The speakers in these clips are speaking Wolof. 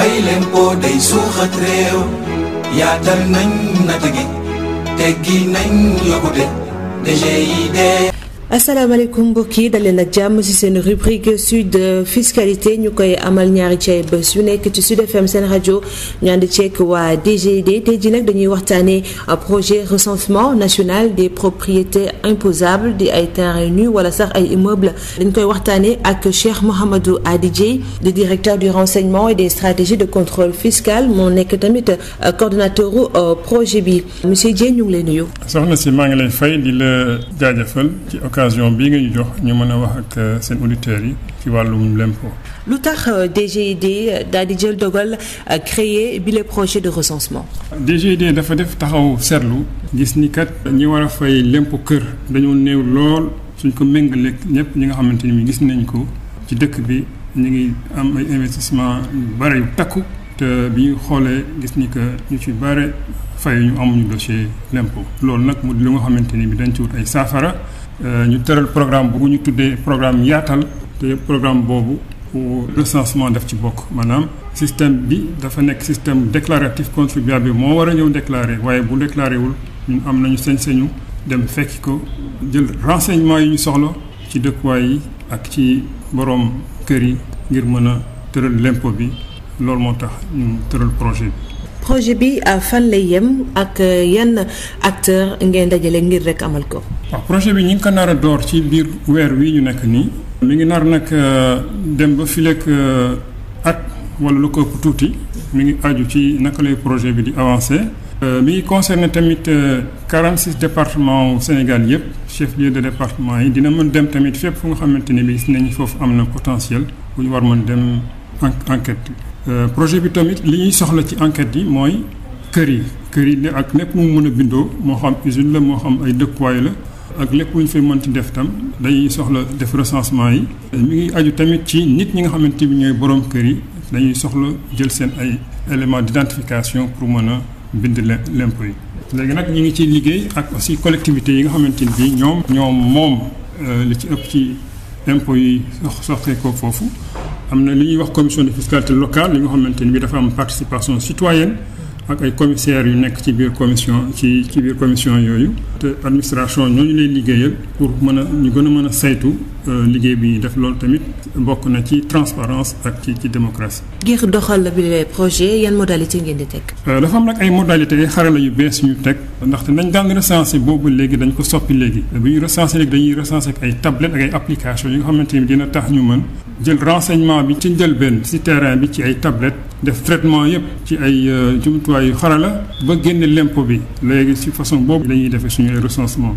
fay lempo day suuxat réew yaatal nañ na gi teggi nañ yokkute DGID asalaamaaleykum mbokk yi daleen ak jàmm ci seen rubrique sud fiscalité ñu koy amal ñaari ci ay bés yu nekk ci sud fm seen rajo ñu ànd ceek waa DGID tey ji nag dañuy waxtaanee projet recensement national des propriétés imposables di ay terrain nu wala sax ay immeuble dañ koy waxtaanee ak Cheikh Mouhamadou Hadi Dieye di directeur du renseignement et des stratégies de contrôle fiscal moo nekk tamit euh, coordonnateur euh, projet bi monsieur Dieye ñu ngi leen nuyu. soxna maa ngi lay fay di la occasion bii nga ñu jox ñu mën a wax ak euh, seen auditeurs yi ci wàllum l'impôt. lu tax DGID euh, euh, daal di jël dogal créer bi le projet de recensement. DGID dafa def taxaw seetlu gis ni kat ñi war a fay l'impôt kër dañoo néew lool suñ ko méngaleeg ñëpp ñi nga xamante ni gis nañ ko ci dëkk bi ñu ngi am investissement bare takku. te bi xoolee gis ni que ñu ci bare fay ñu amuñu dossier lempo loolu nag mu di li nga xamante ni bi dañ ci wut ay saafara euh, ñu tëral programme bu ñu tuddee programme yaatal te programme boobu recensement def ci bokk maanaam système bi dafa nekk système déclaratif contribuable bi moo war a ñëw déclaré waaye bu déclaré wul ñun am nañu sañ-sañu dem fekki ko jël renseignement yi ñu soxla ci dëkkuwaay yi ak ci borom kër yi ngir mën a tëral lempo bi loolu moo tax ñu tëral projet bi. projet bi euh, fan lay yem ak euh, yan acteur ngeen dajale ngir rek amal ko. waaw projet bi ñu ngi ko nar a door ci biir weer wi ñu nekk nii. mi ngi nar nag euh, dem ba fileeg at wala lu ko tuuti mu ngi aju ci naka lay projet bi di avancé. mi ngi concerné tamit 46 départements au Sénégal yëpp chef lieu de département yi dina mën dem tamit fépp fu nga xamante ne bi gis nañu foofu am na potentiel ku ñu war mën dem enquête Euh, projet bi tamit li ñuy soxla ci enquête yi mooy kër yi kër yi ak lépp mu mën a bindoo moo xam usine la moo xam ay dëkkuwaay la ak lépp lu ñu fay ci def tam dañuy soxla def recensement yi. Euh, mi ngi aju tamit ci nit ñi nga xamante bi ñooy borom kër yi dañuy soxla jël seen ay éléments d'identification pour mën a bind l'impôt yi. léegi nag ñu ngi ciy liggéey ak aussi collectivités yi nga xamante ne bii ñoom. ñoom moom euh, li ci ëpp ci impôt yi soxee foofu. am na li ñuy wax commission de fiscalité locale li nga xamante ni bi dafa am participation citoyenne ak ay commissaires yu nekk ci biir commission ci ci biir commission yooyu te administration ñooñu lay liggéeyal pour mën a ñu gën a mën a saytu euh, liggéey bi ñuy def loolu tamit bokk na ci transparence ak ci ci démocratie ngir doxal bi les projets yan modalité ngeen di teg euh, dafa am nag ay modalité ay xarala yu bees ñu teg ndaxte nañ daan recensé boobu léegi dañ ko soppi léegi bu ñuy recensé recensé ay tablette ak ay application yi nga xamante ni dina tax ñu mën jël renseignement bi ci njëlbeen si terrain bi ci ay tablette def traitement yëpp ci ay euh, jumtuwaay yu xarala ba génne lempo bi léegi si façon boobu la ñuy defee suñu ay recensement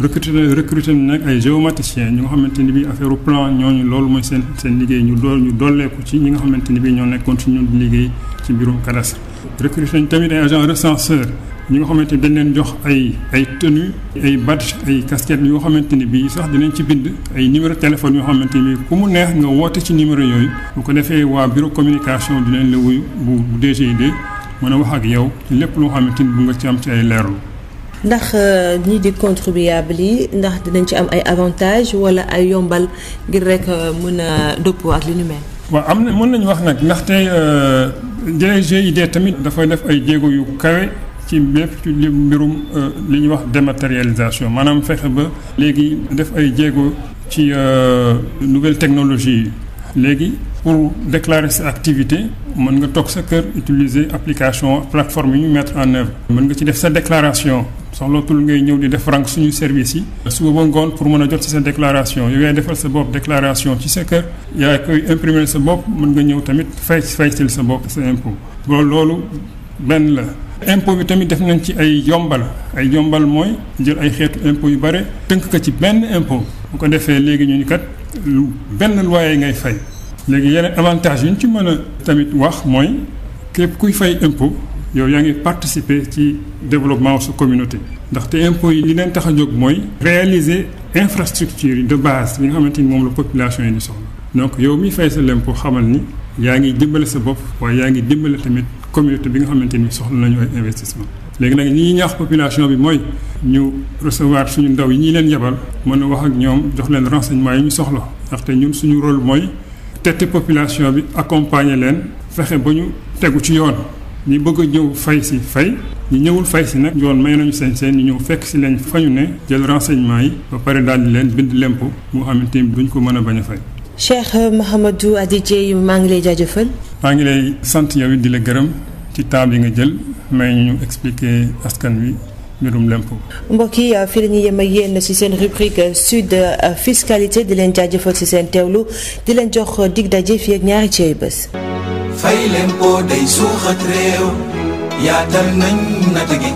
recruter recruter na nag ay géomaticien ñu nga xamante ni bii affaire plan ñooñu loolu mooy seen seen liggéey ñu dool ñu dolleeku ci ñi nga xamante ni bii ñoo nekkoon ci ñun liggéey ci mbirum cadastre recruté nañ tamit ay agent recenseur ñi xamante ni dañ leen jox ay ay tenue ay badge ay casquette yoo xamante ni bii sax dinañ ci bind ay numéro téléphone yoo xamante ni ku mu neex nga woote ci numéro yooyu bu ko defee waa bureau communication dinañ la wuyu bu DGID mën a wax ak yow lépp loo xamante ni bu nga ci am ci ay leerlu ndax euh, ñii di contribuable yi ndax dinañ ci am ay avantages wala ay yombal ngir rek euh, mën a dëppoo ak li ñu mel. waaw am na mën nañu wax nag euh, jëlee GID tamit dafay def ay jéego yu kawe ci bépp ci li mbirum euh, li ñuy wax dématérialisation maanaam fexe ba léegi def ay jéego ci euh, nouvelle technologie yi léegi pour déclarer sa activité mën nga toog sa kër utiliser application plateforme yi ñu en œuvre mën nga ci def sa déclaration soxlootul ngay ñëw di def rank suñu service yi suba ba ngoon pour mën a jot ci sa déclaration yow yaay defal sa bopp déclaration ci sa kër yaa koy imprimer sa bopp mën nga ñëw tamit fay fay faytil sa bopp sa impôt bon loolu benn la impôt bi tamit def nañ ci ay yombal ay jombal mooy jël ay xeetu impôt yu bare tënk ko ci benn impôt bu ko defee léegi ñu ni kat lu benn loyer ngay fay léegi yeneen avantage yu ñu ci mën a tamit wax mooy képp kuy fay impôt yow yaa ngi participer ci développement su communauté ndaxte impôts yi li leen tax a jóg mooy réaliser infrastructure yi de base yi nga xamante ni moom la population yi di soxla donc yow mi fay sa l'impôt xamal ni yaa ngi dimbale sa bopp waaye yaa ngi dimbale tamit communauté bi nga xamante ni soxla nañu ay investissement léegi nag li ñuy ñaax population bi mooy ñu recevoir suñu ndaw yi ñuy leen yebal mën a wax ak ñoom jox leen renseignement yi ñu soxla ndaxte ñun suñu rôle mooy tette population bi accompagner leen fexe ba ñu tegu ci yoon ñi bëgg a ñëw fay si fay ñi ñëwul fay si nag yoon may nañu seen seen ñu ñëw fekk si leen fañu ne jël renseignement yi ba pare daal leen bind lempo moo xamante ni duñ ko mën a bañ a fay. Cheikh Mouhamadou Adi Dieye maa ngi lay jaajëfal. maa ngi lay sant yow it di la gërëm ci temps yi nga jël may ñu expliquer askan wi. mbirum lempo. mbokk yi fii la ñuy yem ak yéen ci seen rubrique sud fiscalité di leen jaajëfal ci seen teewlu di leen jox dig daje fii ak ñaari ci ay fay lempo day suuxat réew yaatal nañ natt gi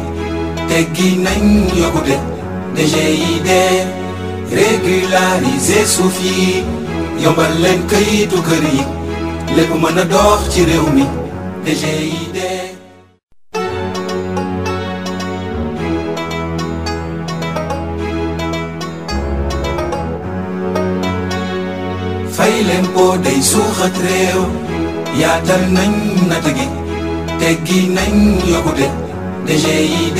teggi nañ yokkute DGID régulariser suuf yi yombal leen këyitu kër yi lépp mën a dox ci réew mi DGID fay lempo day suuxat réew yaatal nañ natt gi teggi nañ yokkute DGID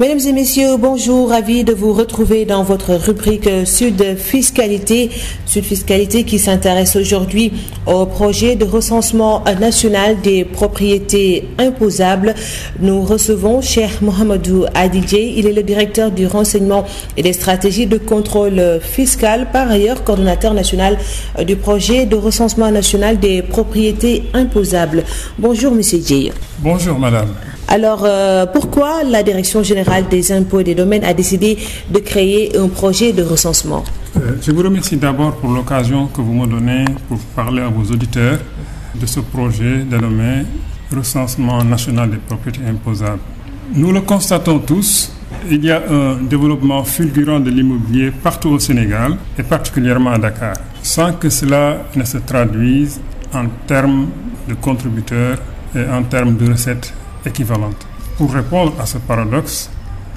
Mesdames et messieurs, bonjour, ravi de vous retrouver dans votre rubrique Sud Fiscalité. Sud Fiscalité qui s'intéresse aujourd'hui au projet de recensement national des propriétés imposables. Nous recevons cher Mohamedou Adidje, il est le directeur du renseignement et des stratégies de contrôle fiscal, par ailleurs coordonnateur national du projet de recensement national des propriétés imposables. Bonjour Monsieur Djeye. Bonjour Madame. Alors, euh, pourquoi la Direction générale des impôts et des domaines a décidé de créer un projet de recensement euh, Je vous remercie d'abord pour l'occasion que vous me donnez pour parler à vos auditeurs de ce projet dénommé Recensement national des propriétés imposables. Nous le constatons tous, il y a un développement fulgurant de l'immobilier partout au Sénégal et particulièrement à Dakar, sans que cela ne se traduise en termes de contributeurs et en termes de recettes équivalente. Pour répondre à ce paradoxe,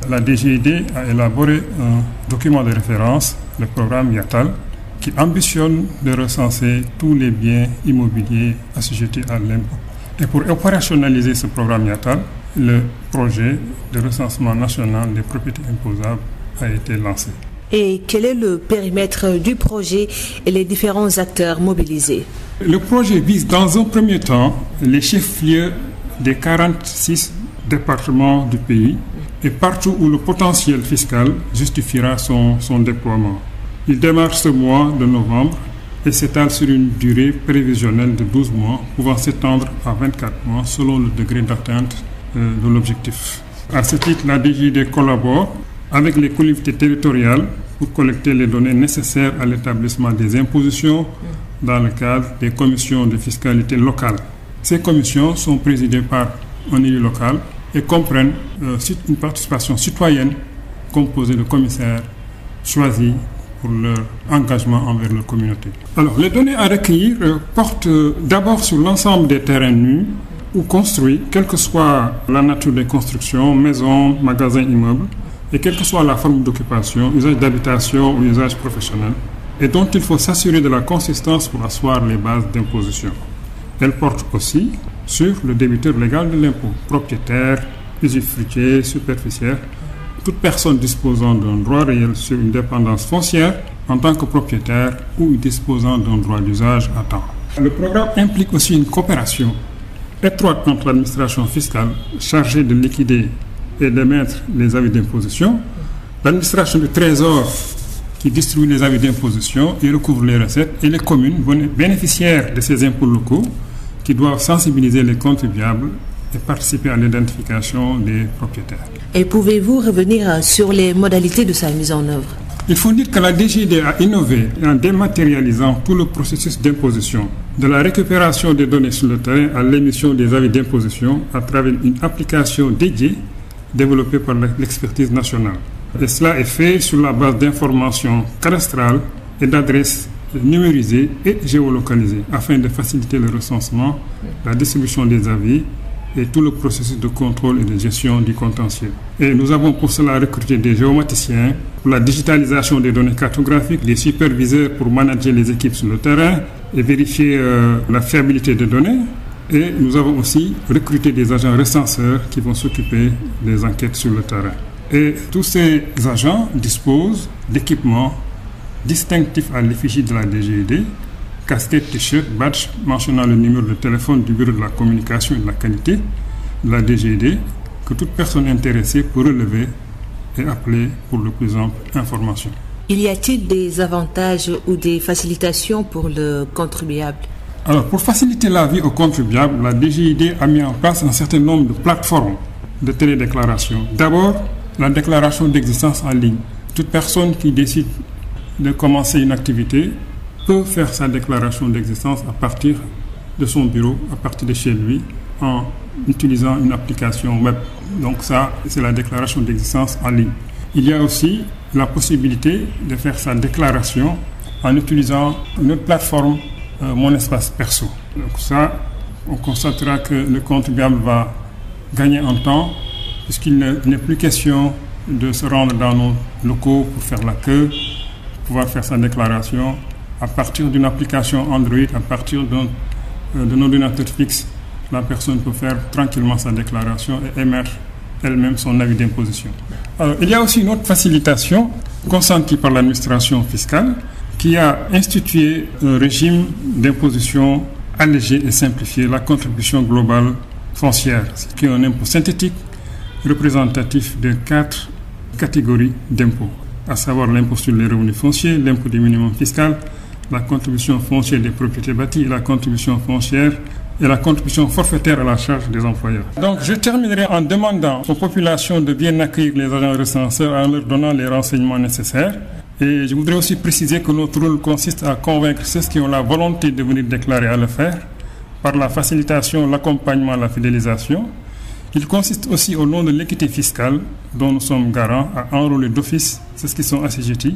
la DGID a élaboré un document de référence, le programme YATAL, qui ambitionne de recenser tous les biens immobiliers assujettis à l'impôt. Et pour opérationnaliser ce programme YATAL, le projet de recensement national des propriétés imposables a été lancé. Et quel est le périmètre du projet les différents acteurs mobilisés Le projet vise dans un premier temps les chefs-lieux des 46 départements du pays et partout où le potentiel fiscal justifiera son, son déploiement. Il démarre ce mois de novembre et s'étale sur une durée prévisionnelle de 12 mois, pouvant s'étendre à 24 mois selon le degré d'atteinte euh, de l'objectif. À ce titre, la DGID collabore avec les collectivités territoriales pour collecter les données nécessaires à l'établissement des impositions dans des commissions de fiscalité locale. Ces commissions sont présidées par un élu local et comprennent euh, une participation citoyenne composée de commissaires choisis pour leur engagement envers leur communauté. les données à recueillir euh, portent euh, d'abord sur l'ensemble des terrains nus ou construits, quelle que soit la nature des constructions, maisons, magasins, immeubles, et quelle que soit la forme d'occupation, usage d'habitation ou usage professionnel, et dont il faut s'assurer de la consistance pour asseoir les bases d'imposition. Elle porte aussi sur le débiteur légal de l'impôt, propriétaire, usufruitier, superficiaire, toute personne disposant d'un droit réel sur une dépendance foncière en tant que propriétaire ou disposant d'un droit d'usage à temps. Le programme implique aussi une coopération étroite entre l'administration fiscale chargée de liquider et d'émettre les avis d'imposition, l'administration du Trésor qui distribue les avis d'imposition et recouvre les recettes et les communes bénéficiaires de ces impôts qui doivent sensibiliser les contribuables et participer à l'identification des propriétaires. Et pouvez-vous revenir euh, sur les modalités de sa mise en œuvre Il faut dire que la DGD a innové en dématérialisant tout le processus d'imposition, de la récupération des données sur le terrain à l'émission des avis d'imposition à travers une application dédiée développée par l'expertise nationale. Et cela est fait sur la base d'informations cadastrales et d'adresses numérisés et géolocalisés afin de faciliter le recensement, la distribution des avis et tout le processus de contrôle et de gestion du contentieux. Et nous avons pour cela recruté des géomaticiens pour la digitalisation des données cartographiques, des superviseurs pour manager les équipes sur le terrain et vérifier euh, la fiabilité des données. Et nous avons aussi recruté des agents recenseurs qui vont s'occuper des enquêtes sur le terrain. Et tous ces agents disposent d'équipements distinctif à l'effigie de la DGID, casquette, t-shirt, badge mentionnant le numéro de téléphone du Bureau de la communication et de la qualité de la DGID que toute personne intéressée peut relever et appeler pour le plus ample information. Il y a-t-il des avantages ou des facilitations pour le contribuable? pour faciliter la vie aux contribuables, la DGID a mis en place un certain nombre de plateformes de télédéclaration. D'abord, la déclaration d'existence en ligne. Toute personne qui décide de commencer une activité peut faire sa déclaration d'existence à partir de son bureau, à partir de chez lui, en utilisant une application web. Donc ça, c'est la déclaration d'existence en ligne. Il y a aussi la possibilité de faire sa déclaration en utilisant une plateforme euh, Mon Espace Perso. Donc on constatera que le contribuable va gagner en temps puisqu'il n'est plus question de se rendre dans nos locaux pour faire la queue pouvoir faire sa déclaration à partir d'une application Android, à partir d'un euh, ordinateur fixe. La personne peut faire tranquillement sa déclaration et émettre elle-même son avis d'imposition. Alors, il y a aussi une autre facilitation consentie par l'administration fiscale qui a institué un régime d'imposition allégé et simplifié, la contribution globale foncière, ce qui est un impôt synthétique représentatif de quatre catégories d'impôts. à savoir l'impôt sur les revenus fonciers, l'impôt du minimum fiscal, la contribution foncière des propriétés bâties, la contribution foncière et la contribution forfaitaire à la charge des employeurs. je terminerai en demandant aux populations de bien accueillir les agents recenseurs en leur donnant les renseignements nécessaires. Et je voudrais aussi préciser que notre rôle consiste à convaincre ceux qui ont la volonté de venir déclarer à le faire par la facilitation, l'accompagnement, Il consiste aussi au nom de l'équité fiscale dont nous sommes garants à enrôler d'office ceux qui sont assujettis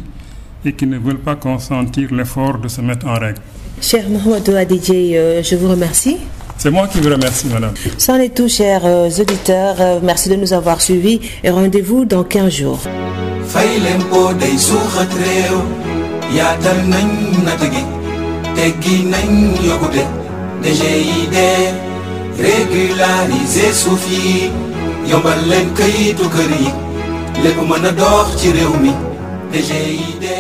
et qui ne veulent pas consentir l'effort de se mettre en règle. Cher Mohamedou Adidje, euh, je vous remercie. C'est moi qui vous remercie, madame. C'en est euh, euh, merci de nous avoir suivis et rendez-vous dans 15 jours. fay leen boo day suuxat réew yaatal nañ natt gi teggi nañ yokkute DGID régulariser suuf yi yombal leen këyitu kër yi lépp mën a dox ci réew mi DGID